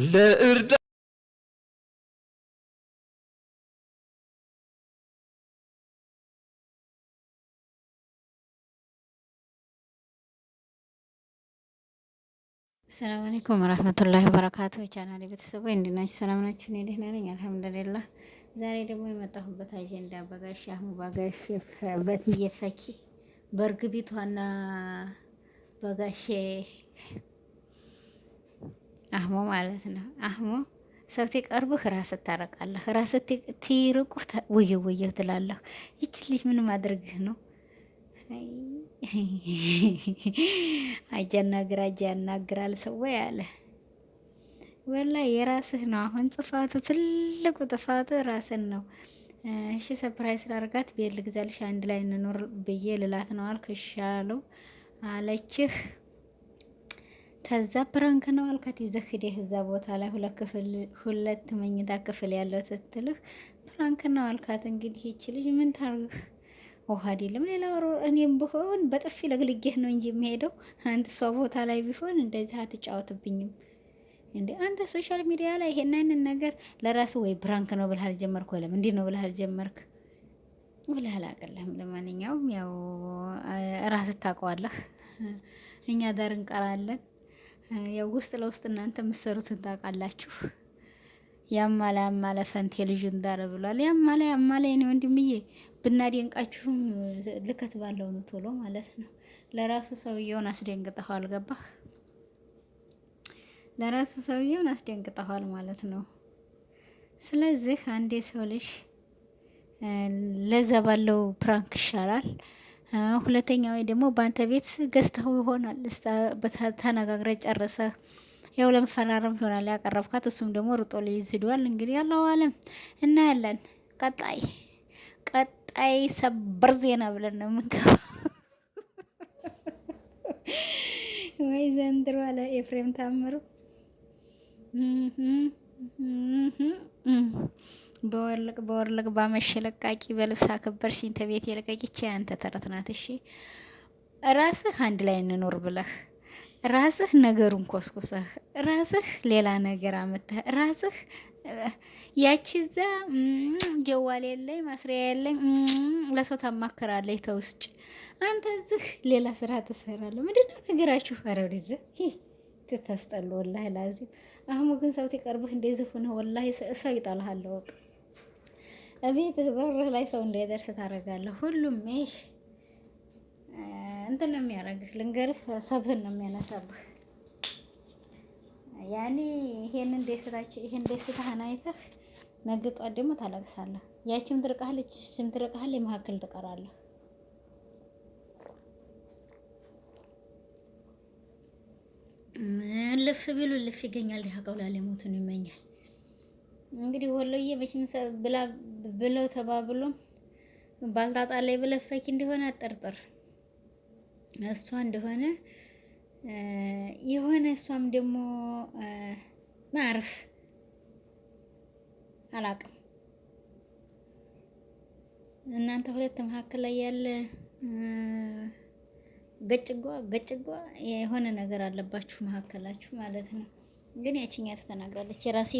ለእርዳ ሰላም አለይኩም ወራህመቱላሂ ወበረካቱ። ቻናል ቤተሰቦች እንዴት ናችሁ? ሰላም ናችሁ? እኔ ደህና ነኝ አልሐምዱሊላህ። ዛሬ ደግሞ የመጣሁበት አጀንዳ በጋሽ አህሙ ባጋሽ በትዬ ፈኪ በእርግቢቷና በጋሼ አህሞ ማለት ነው። አህሞ ሰው ሲቀርብህ ራስ ታረቃለህ፣ ራስ ትርቁህ ወየው ወየው ትላለህ። ይች ልጅ ምን ማድረግህ ነው? አጃና ግራ እጅ ያናግራል ሰው ወይ አለ ወላ የራስህ ነው። አሁን ጥፋቱ ትልቁ ጥፋቱ ራስን ነው። እሺ ሰፕራይዝ ላርጋት ቤት ልግዛልሽ አንድ ላይ እንኖር ብዬ ልላት ነው አልክ። እሺ አለው አለችህ ተዛ ፕራንክ ነው አልካት ይዘህ ሂደህ እዛ ቦታ ላይ ሁለት ክፍል ሁለት መኝታ ክፍል ያለው ትትልህ ፕራንክ ነው አልካት። እንግዲህ ይቺ ልጅ ምን ታርግህ? ውሃ አይደለም ሌላ ወሮ እኔም ብሆን በጥፊ ለግልጌህ ነው እንጂ የሚሄደው አንተ እሷ ቦታ ላይ ቢሆን እንደዚህ አትጫወትብኝም እንዴ አንተ ሶሻል ሚዲያ ላይ ይሄን አይነት ነገር ለራስህ ወይ ፕራንክ ነው ብለህ አልጀመርክ ወለም እንዲህ ነው ብለህ አልጀመርክ ብለህ አላቀለህም። ለማንኛውም ያው ራስህ ታውቀዋለህ፣ እኛ ዳር እንቀራለን። ያው ውስጥ ለውስጥ እናንተ የምትሰሩትን ታውቃላችሁ። ያማላ ያማለ ፈንቴ ልጁን ዳረ ብሏል። ያማላ ያማለ የኔ ወንድምዬ ብናደንቃችሁም ልከት ባለው ነው ቶሎ ማለት ነው። ለራሱ ሰውየውን አስደንግጠኋል። ገባህ? ለራሱ ሰውየውን አስደንግጠኋል ማለት ነው። ስለዚህ አንዴ ሰው ልጅ ለዛ ባለው ፕራንክ ይሻላል። ሁለተኛው ደግሞ በአንተ ቤት ገዝተው ይሆናል ተነጋግረ ጨርሰህ ያው ለመፈራረም ይሆናል ያቀረብካት፣ እሱም ደግሞ ሩጦ ላይ ሂዷል። እንግዲህ ያለው አለም እናያለን። ቀጣይ ቀጣይ ሰበር ዜና ብለን ነው የምንገባ። ወይ ዘንድሮ አለ ኤፍሬም ታምሩ በወርልቅ በወርልቅ ባመሸ ለቃቂ በልብስ አከበርሽኝ ተቤት የለቀቂች አንተ ተረት ናት። እሺ ራስህ አንድ ላይ እንኖር ብለህ ራስህ ነገሩን ኮስኩሰህ ራስህ ሌላ ነገር አመተህ ራስህ ያቺ እዛ ጀዋል የለኝ ማስሪያ የለኝ ለሰው ታማክራለች ተውስጭ አንተ እዚህ ሌላ ስራ ትሰራለህ። ምንድነው ነገራችሁ? ኧረ ወደዛ ትታስጠሉ ወላሂ ላዚም። አህሙ ግን ሰው ሲቀርብህ እንደዚህ ሆነ ወላሂ ሰው ይጠላሃል። ወቅ እቤትህ በርህ ላይ ሰው እንዳይደርስ ታደርጋለህ። ሁሉም ሽ እንትን ነው የሚያደርግህ፣ ልንገርህ፣ ሰብህን ነው የሚያነሳብህ። ያኔ ይሄንን ደስታችን ይሄን ደስታህን አይተህ ነግጧት ደግሞ ታለቅሳለህ። ያችም ትርቃለች፣ እችም ትርቃለች፣ መካከል ትቀራለህ። ልፍ ቢሉ ልፍ ይገኛል። ድሃ ቀውላ ሞቱን ይመኛል። እንግዲህ ወሎዬ መቼም ብላ ብለው ተባብሎም ባልጣጣ ላይ ብለህ ፈኪ እንደሆነ አጠርጥር እሷ እንደሆነ የሆነ እሷም ደግሞ ማርፍ አላቅም። እናንተ ሁለት መካከል ላይ ያለ ገጭጓ ገጭጓ የሆነ ነገር አለባችሁ መካከላችሁ ማለት ነው። ግን ያቺኛ ትተናግራለች። የራሴ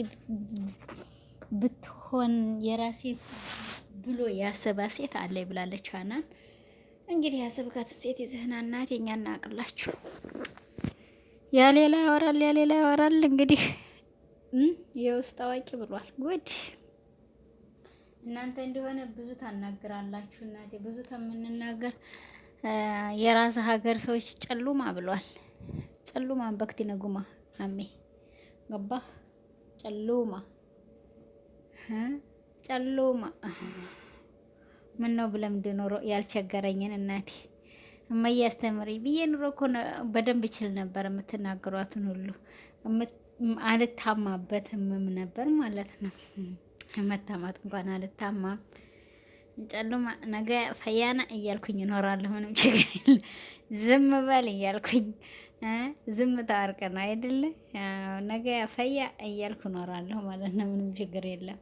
ብትሆን የራሴ ብሎ ያሰባ ሴት አለ ብላለች። አናን እንግዲህ ያሰብካት ሴት የዝህና እናት የኛ እናቅላችሁ ያሌላ ያወራል ያሌላ ያወራል። እንግዲህ የውስጥ አዋቂ ብሏል። ጉድ እናንተ እንደሆነ ብዙ ታናግራላችሁ። እናቴ ብዙ ተምንናገር የራስ ሀገር ሰዎች ጨሉማ ብሏል። ጨሉማ በክቲ ነጉማ አሜ ገባ ጨሉማ ጨሉማ ምን ነው ብለምድ ኖሮ ያልቸገረኝን እናቴ እማዬ አስተምሪ ብዬ ኑሮ እኮ በደንብ ይችል ነበር። የምትናገሯትን ሁሉ አልታማበትም ነበር ማለት ነው። መታማት እንኳን አልታማም። ጨለማ ነገ ፈያና እያልኩኝ እኖራለሁ። ምንም ችግር የለም። ዝም በል እያልኩኝ ዝም ታወርቀ ነው አይደለ? ነገ ፈያ እያልኩ እኖራለሁ ማለት ነው። ምንም ችግር የለም።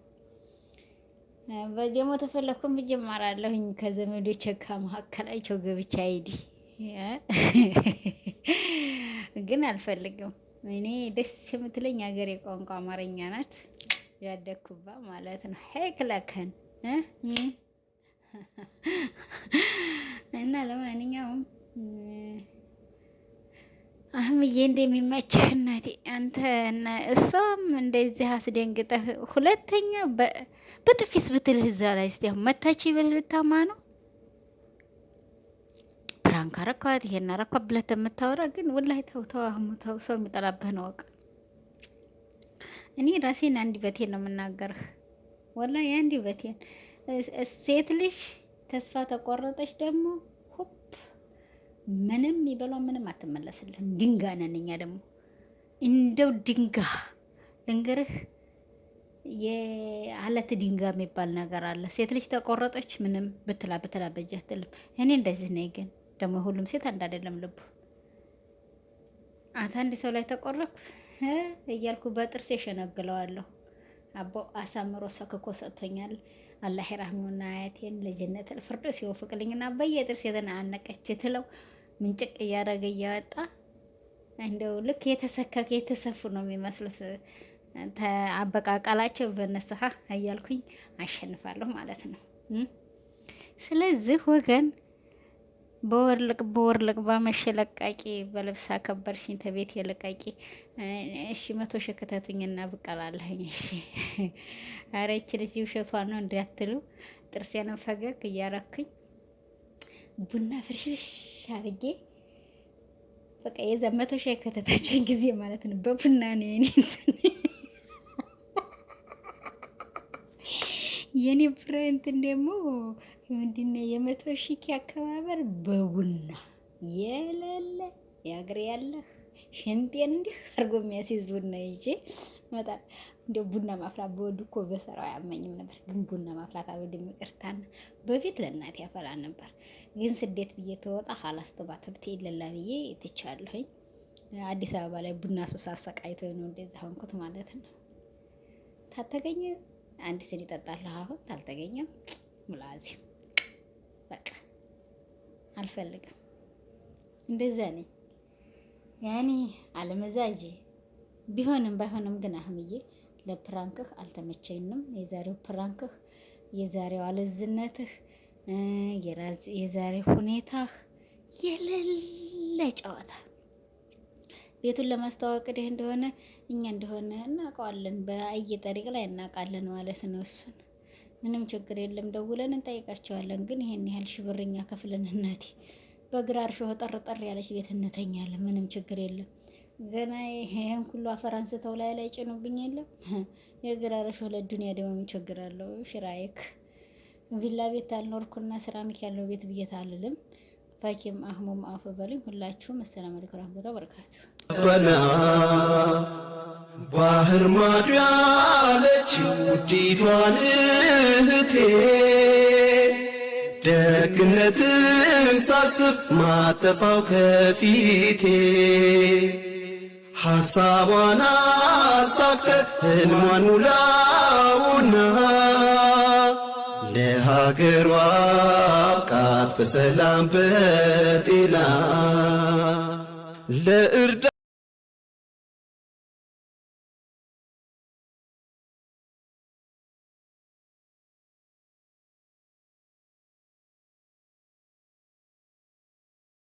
በጀሞ ተፈለኩም ብጀማራለሁኝ ከዘመዶቼ ከመካከላቸው ገብቻ አይዲ ግን አልፈልግም። እኔ ደስ የምትለኝ ሀገር የቋንቋ አማርኛ ናት። ያደግኩባ ማለት ነው ሄክለከን እና ለማንኛውም አህምዬ እንደሚመች እናቴ አንተ እሷም እንደዚህ አስደንግጠህ ሁለተኛ በጥፊስ ብትልህ እዛ ላይ እስቲ መታች ይበልህ ልታማ ነው ፕራንክ አረኳት ይሄን አረኳት ብለት የምታወራ ግን ወላሂ ተው ተው አህሙ ተው ሰው የሚጠላብህ ነው ወቅ እኔ ራሴን አንድ በቴን ነው የምናገርህ ወላሂ አንድ በቴን ሴት ልጅ ተስፋ ተቆረጠች ደግሞ ሆፕ ምንም ይበሏ ምንም አትመለስልን። ድንጋ ነን እኛ ደግሞ እንደው ድንጋ ልንገርህ፣ የአለት ድንጋ የሚባል ነገር አለ። ሴት ልጅ ተቆረጠች ምንም ብትላ ብትላ በእጅ አትልም። እኔ እንደዚህ ነኝ። ግን ደግሞ ሁሉም ሴት አንድ አይደለም ልቡ አታ አንድ ሰው ላይ ተቆረኩ እያልኩ በጥርስ የሸነግለዋለሁ። አቦ አሳምሮ ሰክኮ ሰጥቶኛል። አላህ የራህሚውና አያቴን ለጀነት ልፍርዶስ ይወፍቅልኝና በየጥርስ የተናነቀች ትለው ምንጭቅ እያደረገ እያወጣ እንደው ልክ የተሰከከ የተሰፉ ነው የሚመስሉት አበቃቃላቸው በነስሀ እያልኩኝ አሸንፋለሁ ማለት ነው። ስለዚህ ወገን በወርልቅ በወርልቅ ባመሸ ለቃቂ በልብስ አከበር ሲንተ ቤት የለቃቂ እሺ መቶ ሺ ከተቱኝና ብቀላለኝ። እሺ ኧረ ልጅ ውሸቷ ነው እንዳትሉ፣ ጥርሴንም ፈገግ እያረኩኝ ቡና ፍርሽሽ አርጌ በቃ የዛ መቶ ሺ ጊዜ ማለት ነው። በቡና ነው የኔ የኔ ፍሬንት ደግሞ ምንድነው የመቶ ሺህ አከባበር በቡና የለለ የአገር ያለህ ሽንጤን እንዲህ አድርጎ የሚያስይዝ ቡና ይዤ እመጣለሁ። እንደ ቡና ማፍራት በወዱ እኮ በሰራው አያመኝም ነበር፣ ግን ቡና ማፍራት አልወድም። ይቅርታና በፊት ለእናቴ ያፈላ ነበር፣ ግን ስደት ብዬ ተወጣ ካላስተባት ብት ለላ ብዬ ትቻለሁኝ። አዲስ አበባ ላይ ቡና ሱስ አሰቃይቶ ነው እንደዚህ ሆንኩት ማለት ነው። ታልተገኘ አንድ ስን ይጠጣለሁ። አሁን ታልተገኘም ሙላዚም በቃ አልፈልግም። እንደዛ ነኝ ያኔ አለመዛጅ ቢሆንም ባይሆንም ግን አህምዬ ለፕራንክህ አልተመቸኝም። የዛሬው ፕራንክህ፣ የዛሬው አለዝነትህ፣ የዛሬው ሁኔታህ የሌለ ጨዋታ ቤቱን ለማስተዋወቅ ደህ እንደሆነ እኛ እንደሆነ እናውቀዋለን። በአየ ጠሪቅ ላይ እናውቃለን ማለት ነው እሱን ምንም ችግር የለም፣ ደውለን እንጠይቃቸዋለን። ግን ይሄን ያህል ሽብርኛ ከፍለን እናቴ በግራር ሾህ ጠርጠር ያለች ቤት እንተኛለን። ምንም ችግር የለም። ገና ይሄን ሁሉ አፈር አንስተው ላይ ላይ ጭኑብኝ የለም የግራር ሾህ ለዱንያ ደግሞ ምን ችግር አለው? ሽራይክ ቪላ ቤት አልኖርኩና ሴራሚክ ያለው ቤት ብዬት አልልም። ፋኪም አህሙም አፈ በሉኝ። ሁላችሁም መሰላም አለይኩም ወራህመቱላሂ ወበረካቱ ባህር ማዶ ያለች ውዲቷን እህቴ ደግነትን ሳስብ ማጠፋው ከፊቴ ሐሳቧን አሳክተ ህልሟን ሙላውና ለሀገሯ አብቃት በሰላም በጤና ለእርዳ